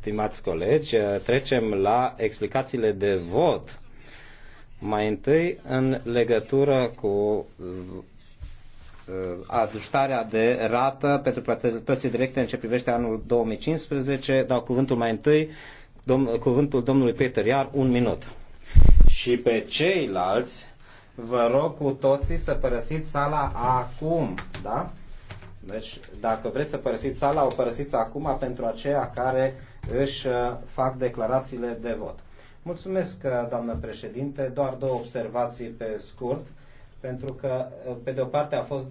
Stimați colegi, trecem la explicațiile de vot. Mai întâi, în legătură cu uh, ajustarea de rată pentru plății directe în ce privește anul 2015, dau cuvântul mai întâi, dom- cuvântul domnului Peter Iar, un minut. Și pe ceilalți, vă rog cu toții să părăsiți sala acum, da? Deci, dacă vreți să părăsiți sala, o părăsiți acum pentru aceia care își uh, fac declarațiile de vot. Mulțumesc, uh, doamnă președinte. Doar două observații pe scurt, pentru că, uh, pe de o parte, a fost